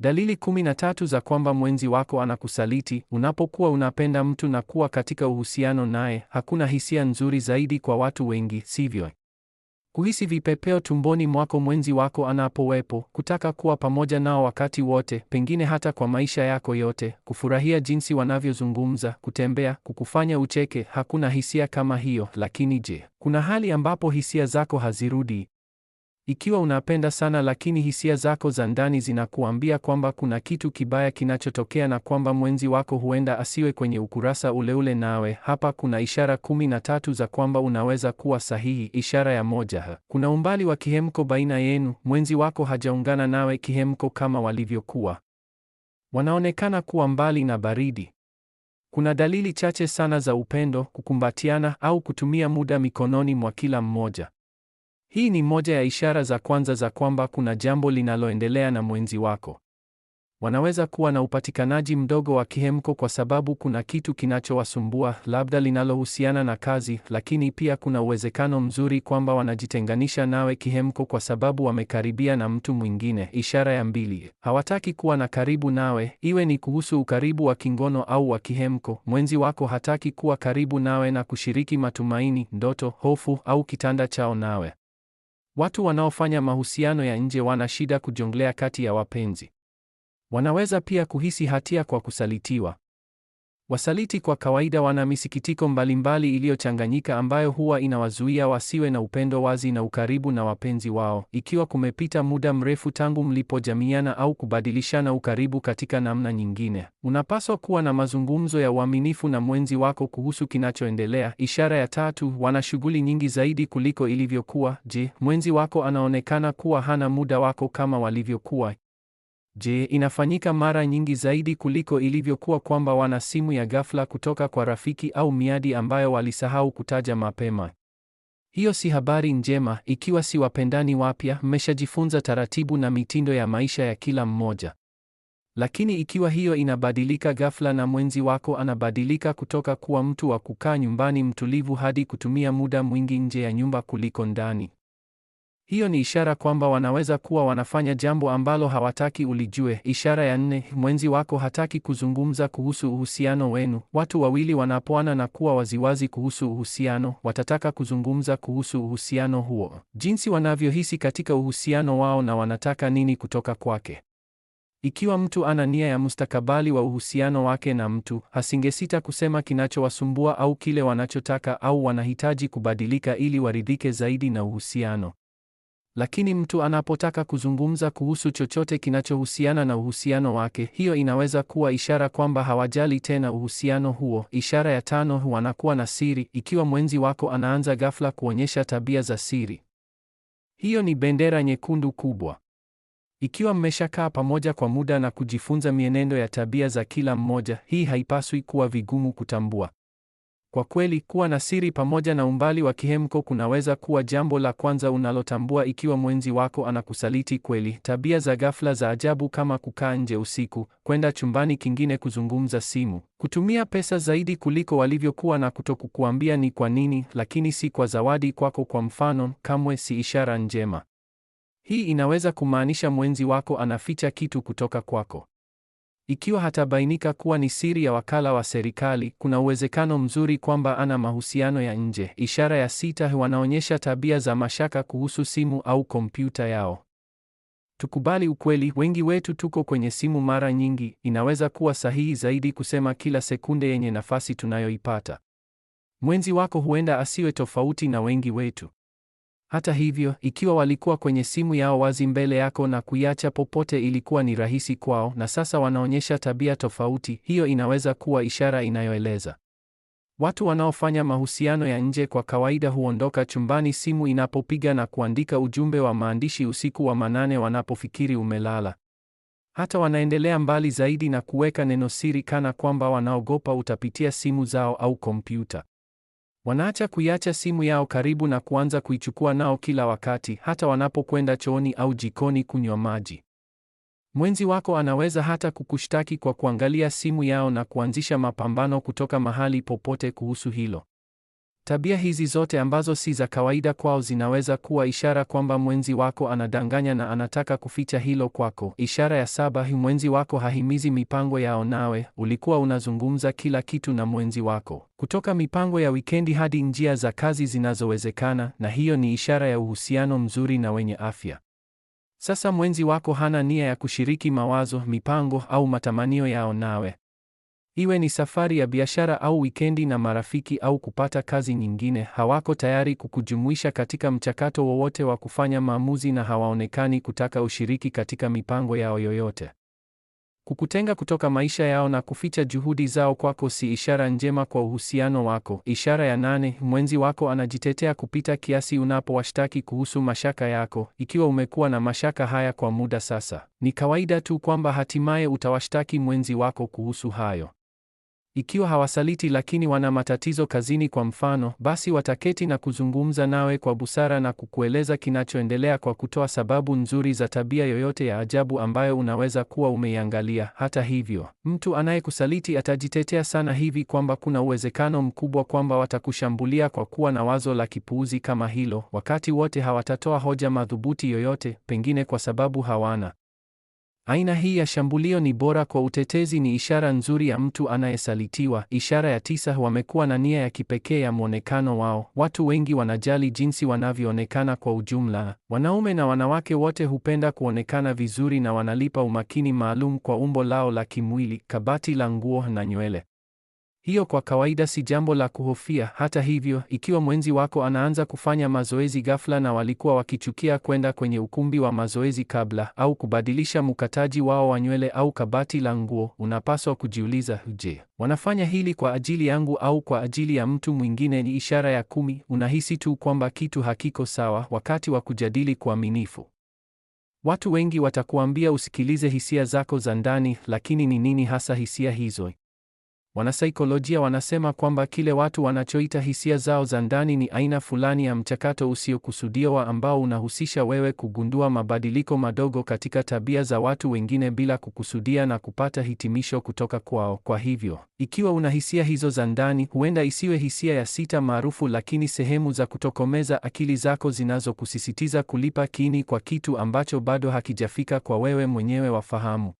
Dalili kumi na tatu za kwamba mwenzi wako anakusaliti. Unapokuwa unapenda mtu na kuwa katika uhusiano naye, hakuna hisia nzuri zaidi kwa watu wengi, sivyo? Kuhisi vipepeo tumboni mwako mwenzi wako anapowepo, kutaka kuwa pamoja nao wakati wote, pengine hata kwa maisha yako yote, kufurahia jinsi wanavyozungumza, kutembea, kukufanya ucheke. Hakuna hisia kama hiyo. Lakini je, kuna hali ambapo hisia zako hazirudi? Ikiwa unapenda sana lakini hisia zako za ndani zinakuambia kwamba kuna kitu kibaya kinachotokea na kwamba mwenzi wako huenda asiwe kwenye ukurasa uleule nawe, hapa kuna ishara kumi na tatu za kwamba unaweza kuwa sahihi. Ishara ya moja, kuna umbali wa kihemko baina yenu. Mwenzi wako hajaungana nawe kihemko kama walivyokuwa, wanaonekana kuwa mbali na baridi. Kuna dalili chache sana za upendo, kukumbatiana au kutumia muda mikononi mwa kila mmoja. Hii ni moja ya ishara za kwanza za kwamba kuna jambo linaloendelea na mwenzi wako. Wanaweza kuwa na upatikanaji mdogo wa kihemko kwa sababu kuna kitu kinachowasumbua, labda linalohusiana na kazi, lakini pia kuna uwezekano mzuri kwamba wanajitenganisha nawe kihemko kwa sababu wamekaribia na mtu mwingine. Ishara ya mbili, hawataki kuwa na karibu nawe, iwe ni kuhusu ukaribu wa kingono au wa kihemko. Mwenzi wako hataki kuwa karibu nawe na kushiriki matumaini, ndoto, hofu au kitanda chao nawe. Watu wanaofanya mahusiano ya nje wana shida kujonglea kati ya wapenzi. Wanaweza pia kuhisi hatia kwa kusalitiwa. Wasaliti kwa kawaida wana misikitiko mbalimbali iliyochanganyika ambayo huwa inawazuia wasiwe na upendo wazi na ukaribu na wapenzi wao, ikiwa kumepita muda mrefu tangu mlipojamiana au kubadilishana ukaribu katika namna nyingine. Unapaswa kuwa na mazungumzo ya uaminifu na mwenzi wako kuhusu kinachoendelea. Ishara ya tatu, wana shughuli nyingi zaidi kuliko ilivyokuwa. Je, mwenzi wako anaonekana kuwa hana muda wako kama walivyokuwa? Je, inafanyika mara nyingi zaidi kuliko ilivyokuwa kwamba wana simu ya ghafla kutoka kwa rafiki au miadi ambayo walisahau kutaja mapema? Hiyo si habari njema. Ikiwa si wapendani wapya, mmeshajifunza taratibu na mitindo ya maisha ya kila mmoja. Lakini ikiwa hiyo inabadilika ghafla na mwenzi wako anabadilika kutoka kuwa mtu wa kukaa nyumbani mtulivu hadi kutumia muda mwingi nje ya nyumba kuliko ndani, hiyo ni ishara kwamba wanaweza kuwa wanafanya jambo ambalo hawataki ulijue. Ishara ya nne, mwenzi wako hataki kuzungumza kuhusu uhusiano wenu. Watu wawili wanapoana na kuwa waziwazi kuhusu uhusiano, watataka kuzungumza kuhusu uhusiano huo, jinsi wanavyohisi katika uhusiano wao na wanataka nini kutoka kwake. Ikiwa mtu ana nia ya mustakabali wa uhusiano wake na mtu, hasingesita kusema kinachowasumbua au kile wanachotaka au wanahitaji kubadilika ili waridhike zaidi na uhusiano. Lakini mtu anapotaka kuzungumza kuhusu chochote kinachohusiana na uhusiano wake, hiyo inaweza kuwa ishara kwamba hawajali tena uhusiano huo. Ishara ya tano, wanakuwa na siri. Ikiwa mwenzi wako anaanza ghafla kuonyesha tabia za siri, hiyo ni bendera nyekundu kubwa. Ikiwa mmeshakaa pamoja kwa muda na kujifunza mienendo ya tabia za kila mmoja, hii haipaswi kuwa vigumu kutambua. Kwa kweli, kuwa na siri pamoja na umbali wa kihemko kunaweza kuwa jambo la kwanza unalotambua ikiwa mwenzi wako anakusaliti kweli. Tabia za ghafla za ajabu kama kukaa nje usiku, kwenda chumbani kingine kuzungumza simu, kutumia pesa zaidi kuliko walivyokuwa na kutokukuambia ni kwa nini, lakini si kwa zawadi kwako kwa mfano, kamwe si ishara njema. Hii inaweza kumaanisha mwenzi wako anaficha kitu kutoka kwako. Ikiwa hatabainika kuwa ni siri ya wakala wa serikali, kuna uwezekano mzuri kwamba ana mahusiano ya nje. Ishara ya sita, wanaonyesha tabia za mashaka kuhusu simu au kompyuta yao. Tukubali ukweli, wengi wetu tuko kwenye simu mara nyingi. Inaweza kuwa sahihi zaidi kusema kila sekunde yenye nafasi tunayoipata. Mwenzi wako huenda asiwe tofauti na wengi wetu. Hata hivyo, ikiwa walikuwa kwenye simu yao wazi mbele yako na kuiacha popote ilikuwa ni rahisi kwao, na sasa wanaonyesha tabia tofauti, hiyo inaweza kuwa ishara inayoeleza. Watu wanaofanya mahusiano ya nje kwa kawaida huondoka chumbani simu inapopiga na kuandika ujumbe wa maandishi usiku wa manane wanapofikiri umelala. Hata wanaendelea mbali zaidi na kuweka neno siri kana kwamba wanaogopa utapitia simu zao au kompyuta. Wanaacha kuiacha simu yao karibu na kuanza kuichukua nao kila wakati, hata wanapokwenda chooni au jikoni kunywa maji. Mwenzi wako anaweza hata kukushtaki kwa kuangalia simu yao na kuanzisha mapambano kutoka mahali popote kuhusu hilo. Tabia hizi zote ambazo si za kawaida kwao zinaweza kuwa ishara kwamba mwenzi wako anadanganya na anataka kuficha hilo kwako. Ishara ya saba, mwenzi wako hahimizi mipango yao nawe. Ulikuwa unazungumza kila kitu na mwenzi wako, kutoka mipango ya wikendi hadi njia za kazi zinazowezekana, na hiyo ni ishara ya uhusiano mzuri na wenye afya. Sasa mwenzi wako hana nia ya kushiriki mawazo, mipango au matamanio yao nawe. Iwe ni safari ya biashara au wikendi na marafiki au kupata kazi nyingine, hawako tayari kukujumuisha katika mchakato wowote wa kufanya maamuzi na hawaonekani kutaka ushiriki katika mipango yao yoyote. Kukutenga kutoka maisha yao na kuficha juhudi zao kwako si ishara njema kwa uhusiano wako. Ishara ya nane, mwenzi wako anajitetea kupita kiasi unapowashtaki kuhusu mashaka yako. Ikiwa umekuwa na mashaka haya kwa muda sasa, ni kawaida tu kwamba hatimaye utawashtaki mwenzi wako kuhusu hayo. Ikiwa hawasaliti lakini wana matatizo kazini kwa mfano, basi wataketi na kuzungumza nawe kwa busara na kukueleza kinachoendelea kwa kutoa sababu nzuri za tabia yoyote ya ajabu ambayo unaweza kuwa umeiangalia. Hata hivyo, mtu anayekusaliti atajitetea sana hivi kwamba kuna uwezekano mkubwa kwamba watakushambulia kwa kuwa na wazo la kipuuzi kama hilo. Wakati wote hawatatoa hoja madhubuti yoyote, pengine kwa sababu hawana Aina hii ya shambulio ni bora kwa utetezi, ni ishara nzuri ya mtu anayesalitiwa. Ishara ya tisa, wamekuwa na nia ya kipekee ya mwonekano wao. Watu wengi wanajali jinsi wanavyoonekana kwa ujumla. Wanaume na wanawake wote hupenda kuonekana vizuri na wanalipa umakini maalum kwa umbo lao la kimwili, kabati la nguo na nywele. Hiyo kwa kawaida si jambo la kuhofia. Hata hivyo, ikiwa mwenzi wako anaanza kufanya mazoezi ghafla na walikuwa wakichukia kwenda kwenye ukumbi wa mazoezi kabla, au kubadilisha mkataji wao wa nywele au kabati la nguo, unapaswa kujiuliza, je, wanafanya hili kwa ajili yangu au kwa ajili ya mtu mwingine? Ni ishara ya kumi, unahisi tu kwamba kitu hakiko sawa. Wakati wa kujadili kuaminifu Watu wengi watakuambia usikilize hisia zako za ndani, lakini ni nini hasa hisia hizo? Wanasaikolojia wanasema kwamba kile watu wanachoita hisia zao za ndani ni aina fulani ya mchakato usiokusudiwa ambao unahusisha wewe kugundua mabadiliko madogo katika tabia za watu wengine bila kukusudia na kupata hitimisho kutoka kwao. Kwa hivyo, ikiwa una hisia hizo za ndani, huenda isiwe hisia ya sita maarufu, lakini sehemu za kutokomeza akili zako zinazokusisitiza kulipa kini kwa kitu ambacho bado hakijafika kwa wewe mwenyewe wafahamu.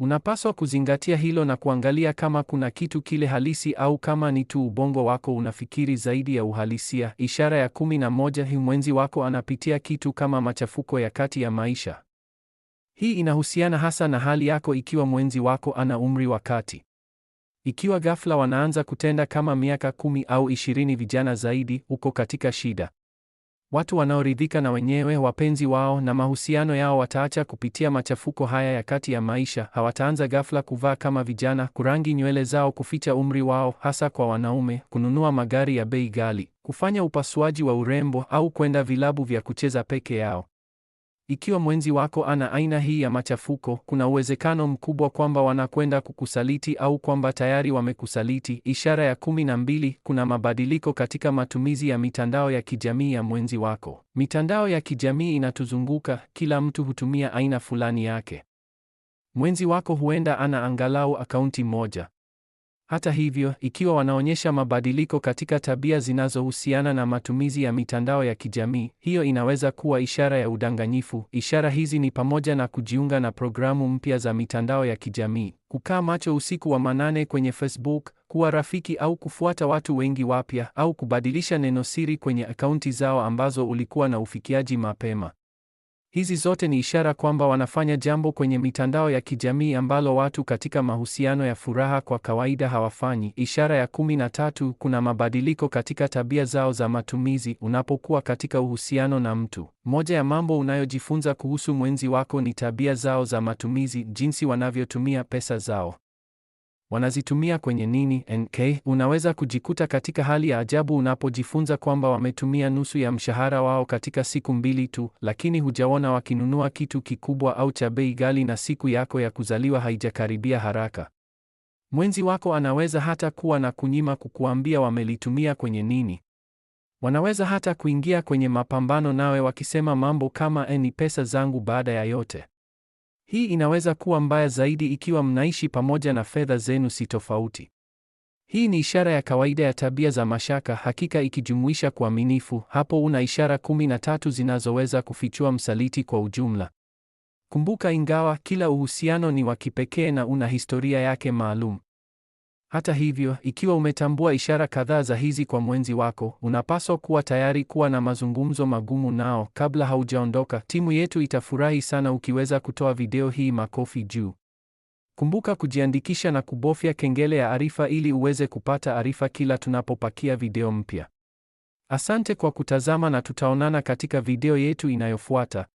Unapaswa kuzingatia hilo na kuangalia kama kuna kitu kile halisi au kama ni tu ubongo wako unafikiri zaidi ya uhalisia. Ishara ya kumi na moja, mwenzi wako anapitia kitu kama machafuko ya kati ya maisha. Hii inahusiana hasa na hali yako ikiwa mwenzi wako ana umri wa kati. Ikiwa ghafla wanaanza kutenda kama miaka kumi au ishirini vijana zaidi, uko katika shida. Watu wanaoridhika na wenyewe, wapenzi wao na mahusiano yao wataacha kupitia machafuko haya ya kati ya maisha. Hawataanza ghafla kuvaa kama vijana, kurangi nywele zao, kuficha umri wao, hasa kwa wanaume, kununua magari ya bei ghali, kufanya upasuaji wa urembo au kwenda vilabu vya kucheza peke yao. Ikiwa mwenzi wako ana aina hii ya machafuko, kuna uwezekano mkubwa kwamba wanakwenda kukusaliti au kwamba tayari wamekusaliti. Ishara ya kumi na mbili, kuna mabadiliko katika matumizi ya mitandao ya kijamii ya mwenzi wako. Mitandao ya kijamii inatuzunguka, kila mtu hutumia aina fulani yake. Mwenzi wako huenda ana angalau akaunti moja hata hivyo, ikiwa wanaonyesha mabadiliko katika tabia zinazohusiana na matumizi ya mitandao ya kijamii, hiyo inaweza kuwa ishara ya udanganyifu. Ishara hizi ni pamoja na kujiunga na programu mpya za mitandao ya kijamii, kukaa macho usiku wa manane kwenye Facebook, kuwa rafiki au kufuata watu wengi wapya, au kubadilisha neno siri kwenye akaunti zao ambazo ulikuwa na ufikiaji mapema. Hizi zote ni ishara kwamba wanafanya jambo kwenye mitandao ya kijamii ambalo watu katika mahusiano ya furaha kwa kawaida hawafanyi. Ishara ya kumi na tatu, kuna mabadiliko katika tabia zao za matumizi. Unapokuwa katika uhusiano na mtu, moja ya mambo unayojifunza kuhusu mwenzi wako ni tabia zao za matumizi, jinsi wanavyotumia pesa zao wanazitumia kwenye nini nk. Unaweza kujikuta katika hali ya ajabu unapojifunza kwamba wametumia nusu ya mshahara wao katika siku mbili tu, lakini hujaona wakinunua kitu kikubwa au cha bei ghali, na siku yako ya kuzaliwa haijakaribia haraka. Mwenzi wako anaweza hata kuwa na kunyima kukuambia wamelitumia kwenye nini. Wanaweza hata kuingia kwenye mapambano nawe wakisema mambo kama e, ni pesa zangu baada ya yote. Hii inaweza kuwa mbaya zaidi ikiwa mnaishi pamoja na fedha zenu si tofauti. Hii ni ishara ya kawaida ya tabia za mashaka, hakika ikijumuisha kuaminifu. Hapo una ishara kumi na tatu zinazoweza kufichua msaliti kwa ujumla. Kumbuka, ingawa kila uhusiano ni wa kipekee na una historia yake maalum, hata hivyo, ikiwa umetambua ishara kadhaa za hizi kwa mwenzi wako, unapaswa kuwa tayari kuwa na mazungumzo magumu nao kabla haujaondoka. Timu yetu itafurahi sana ukiweza kutoa video hii makofi juu. Kumbuka kujiandikisha na kubofya kengele ya arifa ili uweze kupata arifa kila tunapopakia video mpya. Asante kwa kutazama na tutaonana katika video yetu inayofuata.